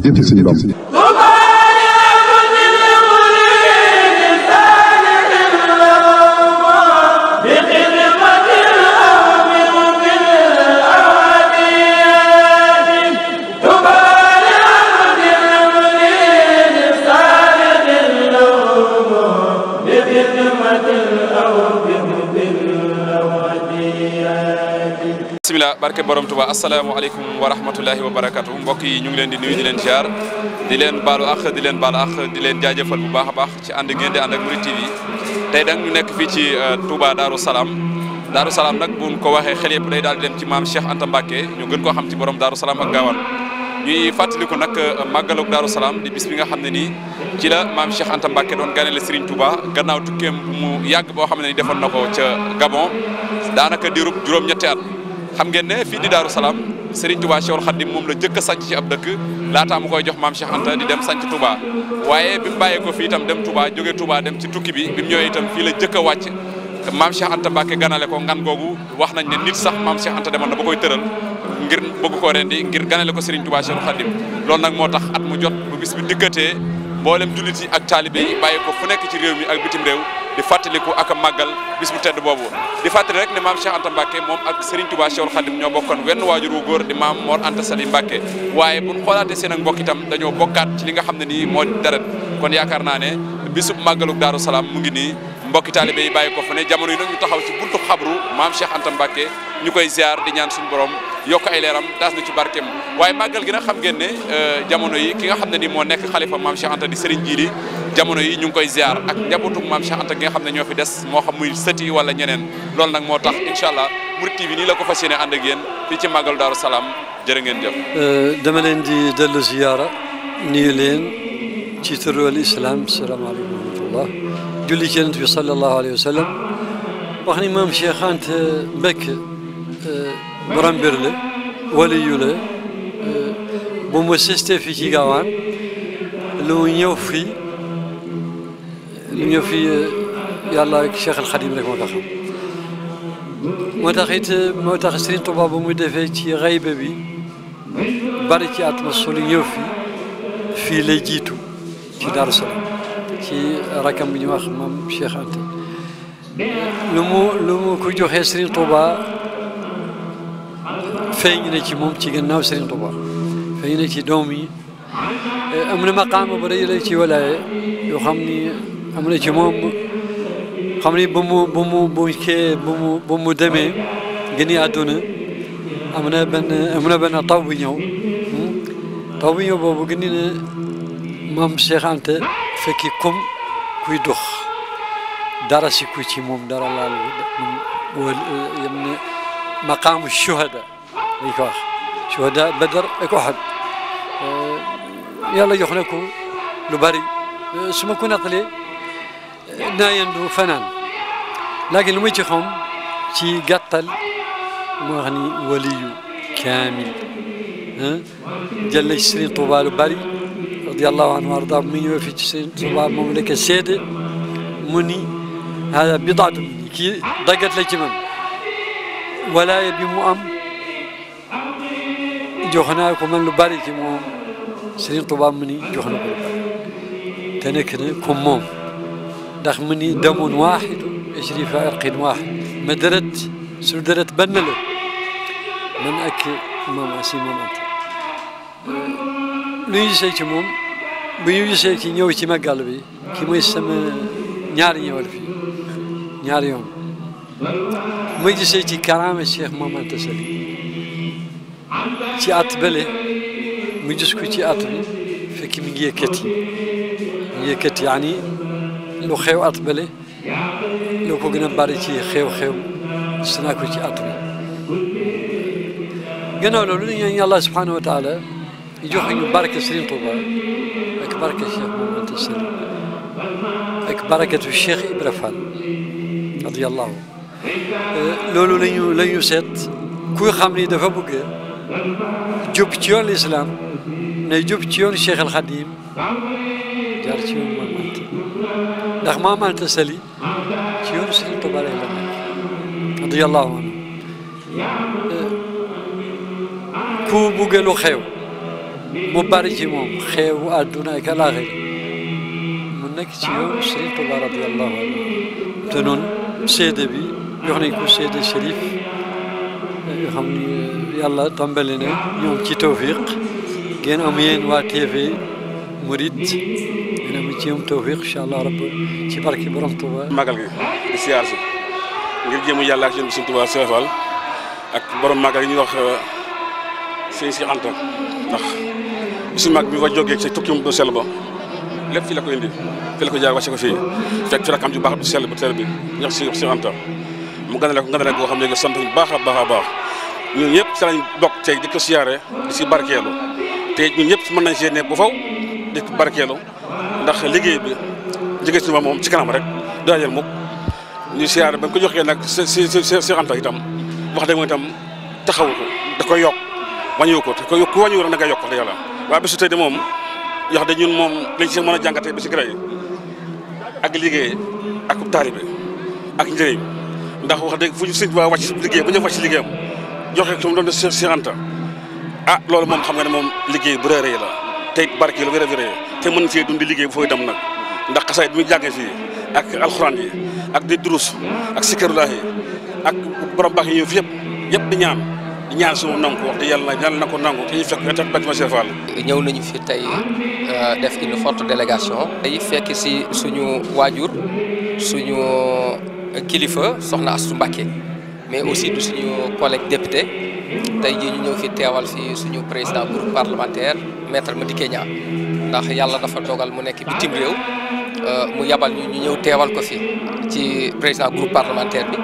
Dieu. Dieu te célèbre. Bismillah, barke borom assalamu asalaamaaleykum wa rahmatullahi wa barakatuh mbok yi ñu ngi leen di nuyu di leen ziar di leen balu ak di leen bal ak di leen jaajeufal bu baax baax ci and ngeen di and ak Mouride TV tay nag ñu nekk fi ci euh, Touba daru salam daru salam nak buñ ko waxe xel yepp day dal di dem ci mam Cheikh Anta mbake ñu gën ko xam ci borom daru salam ak Gaawaan ñuy fàttaliku nak euh, magaluk daru salam di bis bi nga xam ni ci la mam Cheikh Anta mbake don ganel Serigne Touba gannaaw tukkeem mu yag bo xam ni defoon na ko Gabon daanaka ñetti at xam ngeen ne fii di Daaru Salaam Serigne Touba Cheikhul Khadim moom la jëkk a sanc ci ab dëkk laataa mu koy jox maam Cheikh Anta di dem sanc Touba waaye bi mu bàyyee ko fii itam dem Touba jóge Touba dem ci tukki bi bi mu itam fii la jëkk a wàcc maam Cheikh Anta Mbacke ganale ko ngan googu wax nañ ne nit sax maam Cheikh Anta demoon na ba koy tëral ngir bëgg koo rendi ngir ganale ko Serigne Touba Cheikhul Khadim loolu nag moo tax at mu jot bu bis bi dikkatee mboolem jullit yi ak taalibe yi bàyyi ko fu nekk ci réew mi ak bitim réew di fàttaliku ak a màggal bis bu tedd boobu di fàttali rek ne maam Cheikh Anta Mbacke moom ak Serigne Touba Cheikhul Khadim ñoo bokkoon wenn waajur wu góor di maam Mor Anta Sali Mbacke waaye bu ñu xoolaatee seen ak mbokk itam dañoo bokkaat ci li nga xam ne nii moo deret kon yaakaar naa ne bisub màggaluk Daaru Salaam mu ngi nii mbokki taalibe yi bàyyi ko fa jamono yi nag ñu taxaw ci buntu xabru maam Cheikh Anta Mbacke ñu koy ziar di ñaan suñu borom yokk ay leeram daas na ci barkeem waaye màggal gi nag xam ngeen ne euh, jamono yi ki nga xam ne ni moo nekk xalifa maam Cheikh Anta di Serigne Jiili jamono yi ñu ngi koy ziar ak njabootug mam Cheikh Anta gi nga xamne ne ñoo fi dess mo xam muy seuti wala ñeneen lool nak mo tax inshallah allah TV ni la ko fas ànd ak yéen fi ci magal daru salam jërë ngeen jëf. dama leen di delu ziyara ni leen ci turu al islam salam alaykum wa rahmatullah julli ci nabi sallallahu alayhi wasallam sallam wax ni maam Cheikh Anta euh borom bir la yule euh bu mo sëstee fi ci gawan lu ñëw fii. لن يوفي يلا الشيخ الخليل لك مداخل مداخل مداخل سرين طباب مدفعي غيب بي باركي أتمسول يوفي في لجيتو في دار السلام في رقم من يوخم الشيخ أنت لمو لمو كوجو خي فين يجي مم تيجي ناو سرين فين يجي دومي أمن مقام بريلة ولا يخمني همونه که ما همونه بمو بمو بوی که بمو بمو دمی گنی آدونه همونه بن همونه بن طاویو طاویو با بگنی مام شیخ انت فکی کم کوی دخ درسی کوی چی مم در ول یمن مقام شهدا ایکار شهدا بدر ایک اه، اكوحد يلا يخلكو لبری اسمكو اه، نطلي نايندو فنان لكن وجههم شي قتل مغني ولي كامل ها جل شيرين طوبال باري رضي الله عنه وارضاه مني وفي شيرين طوبال مملكة سيدة مني هذا بضعة مني كي ضقت لي جمم ولا يبي مؤم جوخناكم كمان لباري كي مؤم شيرين طوبال مني كمان تنكنا كمان رغم دم واحد اجري في عرق واحد ما درت شنو درت بنلو من اك ماما سي ماما لي شيء مم بيو شي كي نيو شي ما قلبي كي مو يسمى نيار نياري في نيار يوم ما يجي شي كي كرام الشيخ ماما تسلي تي اتبلي ما يجي شي تي اتبلي فكي مي كتي ميجي كتي يعني لو خيو أطبلي لو كوغنا باريتي خيو خيو سناكوتي أطبي قنا لو لن يعني الله سبحانه وتعالى يجوخي بارك سرين طوبا أكبرك الشيخ محمد السر أكبرك الشيخ إبرفان رضي الله أه، لولو لين يسات كوي خامني دفا بوغي جبتيون الإسلام نجبتيون الشيخ الخديم جارتيون ما ndax maam Anta Sali ci yoonu Sëriñ Tuubaa lay la nekk radiyallaahu anhu eh, ku bugge lu xew mu bari ci moom xewu àdduna ak alaaxira mu nekk ci yoonu Sëriñ Tuubaa radiyallaahu anhu te noonu seede bi jox nañ ko seede Chérif eh, yoo xam ni eh, yàlla tàmbali na ñoom ci tawfiq ngeen am yéen waa TV Mouride ci am tawfiq incha allah rabb ci barke borom Touba. magal gi di siyaar si ngir yàlla ak yéen suñu Touba Cheikh Fall ak borom magal gi ñuy wax euh, sëñ si Anta ndax bisu mag bi fa jógee ci tukki mu sell ba lépp fii la ko indi fii ko jaar wàcce ko fii fekk fi ju baax bu sell bu teel bi ñax si si Anta mu gën a nekk gën a nekk boo xam ne sant bu baax a baax a baax ñun ñëpp si lañ bokk tey di ko siyaare di si barkeelu te ñun ñëpp mën nañ see nekk bu faw di ko barkeelu. ndax liggéey bi liggéey si moom moom ci kanam rek du ajal mukk ñu siyaare ba ko joxee nag si si si xanta itam wax dëgg mooy itam taxawu ko da koy yokk wàññiwu ko te ko ku na nga yokk wax dëgg yàlla waaye de moom yox de ñun moom lañ si mën a jàngatee bési gërëy ak liggéey ak taalibe ak ndax wax dëgg fu ñu sëñ ba wàcc liggéey bu ñu wàcc liggéeyam joxe ko mu doon de si xanta ah loolu moom xam nga ne moom liggéey bu rëy la tey it barke lu wér a wér te mën see dund liggéey fooy dem nag ndax xasaay bi ñu jàngee fii ak alxuraan yi ak di durus ak sikarulaah yi ak borom baax yi ñëw yëpp yëpp di ñaan di ñaan suñu nangu yàlla yàlla na ko nangu te ñu fekk état bâtiment Cheikh Fall ñëw nañu fi tey euh, def une forte délégation tey fekk si suñu waajur suñu kilifa soxna Astou Mbacké mais aussi du suñu collègue député tey jii ñu ñëw fi teewal fi suñu président groupe parlementaire ma Madické Niang ndax yàlla dafa dogal mu nekk bi bitim réew euh, mu yabal ñu ñu ñëw teewal ko fi ci président groupe parlementaire bi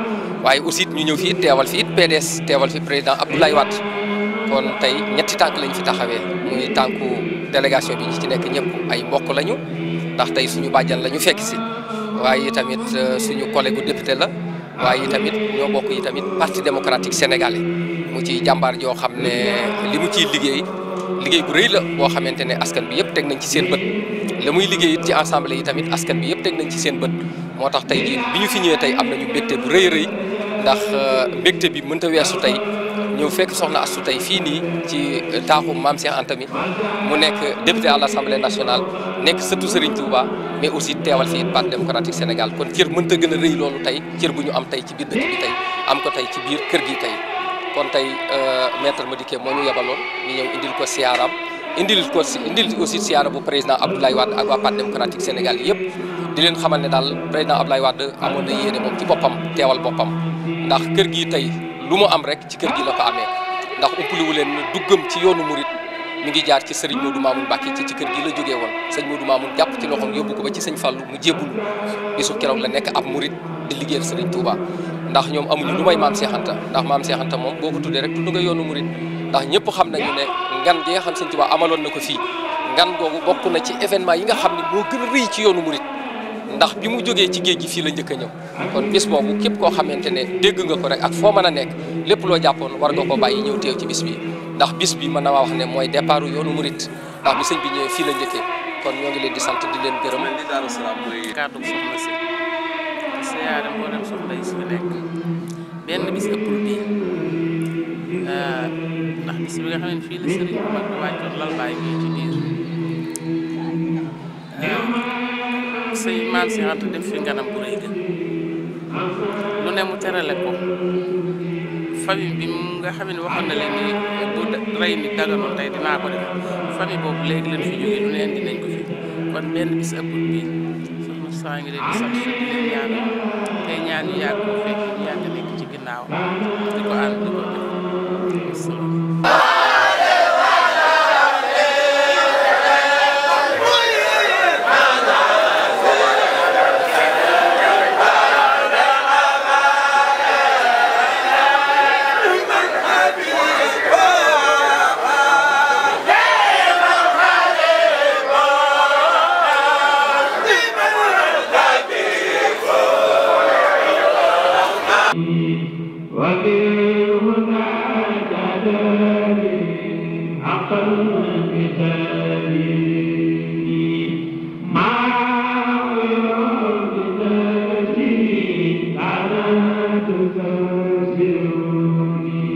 waaye aussi ñu ñëw fii teewal fi it PDS teewal fi président Abdoulaye Wade kon tey ñetti tànk lañ fi taxawee muy tànku délégation bi ñu ci nekk ñëpp ay mbokk lañu ndax tey suñu bàjjan la ñu fekk si waaye tamit euh, suñu collègue député la. waaye yi tamit ñoo bokk yi tamit parti démocratique sénégalais mu ci jàmbaar joo xam ne li mu ciy liggéey liggéey bu rëy la boo xamante ne askan bi yëpp teg nañ ci seen bët la muy liggéey ci assemblée yi tamit askan bi yëpp teg nañ ci seen bët moo tax tey jii bi ñu fi ñëwee tey am nañu mbégte bu rëy rëy ndax euh, mbégte bi mënta weesu tey ñëw fekk soxna Astou tey fii nii ci euh, taaxu maam Cheikh Anta mu nekk député à l' assemblée nationale nekk sëtu Serigne Touba mais aussi teewal fii parti démocratique Sénégal kon cër mënta gën a rëy loolu tey cër bu ñu am tey ci biir dëkk bi tey am ko tey ci biir kër gi tey kon tey euh, maître Madické moo ñu yebaloon ñu ñëw indil ko siyaaram indil ko indil aussi siyaara bu président Abdoulaye Wade ak waa parti démocratique Sénégal yëpp di leen xamal ne daal président Abdoulaye Wade amoon na yéene moom ci boppam teewal boppam ndax kër gi tey lu mu am rek ci kër gi la ko amee ndax umpaliwu leen duggam ci yoonu murit mu ngi jaar ci sëriñ Modou Mamoun Mbacke ci ci kër gi la jógee woon sëñ Modou Mamoun jàpp ci loxoom yóbbu ko ba ci sëñ Fallou mu jébbul bisu keroog la nekk ab murit di liggéeyal sëriñ Touba ndax ñoom amuñu lu may maam Cheikh Anta ndax maam seexanta moom boo ko tuddee rek tudd nga yoonu murit ndax ñëpp xam nañu ne ngan gi nga xam sëñ Touba amaloon na ko fii ngan googu bokk na ci événement yi nga xam ne boo gën rëy ci yoonu murit ndax bi mu jógee ci géej gi fii la njëkk ñëw kon bis bobu képp ko xamantene ne dégg nga ko rek ak fo mëna nek lepp lo loo war nga ko bayyi ñëw teew ci bis bi ndax bis bi mëna wax ne moy départu yoonu murit ndax bi sëñ bi ñëw fi la njëkkee kon ñoo ngi leen di sant di leen gërëm di daru salaam moy kaddu soxna si siyaare mo dem soxna yi ci nek ben bis ëppul euh ndax bis bi nga xam fi la sëriñ bu wajjo lal bay bi ci biir sëñ maam si Anta def fi nganam bu rëy gën lu ne mu terale ko famille bi nga xam ne waxoon na leen ni bu rey nit daganoon tey dinaa ko def famille boobu léegi leen fi jógee lu ne indi nañ ko fi kon benn bis ëppul bi soxna saa ngi leen di sant di leen ñaanal tey ñaan yu yàgg ko fekk ñu yàgg nekk ci ginnaaw di ko ànd di ko وبالهدى تدري حقا بتالي مع إرادتي على تكسرني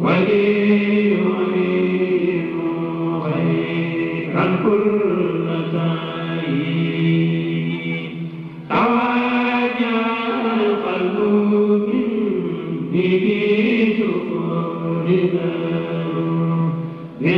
ولي يعين كل تايب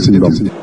sí, sí,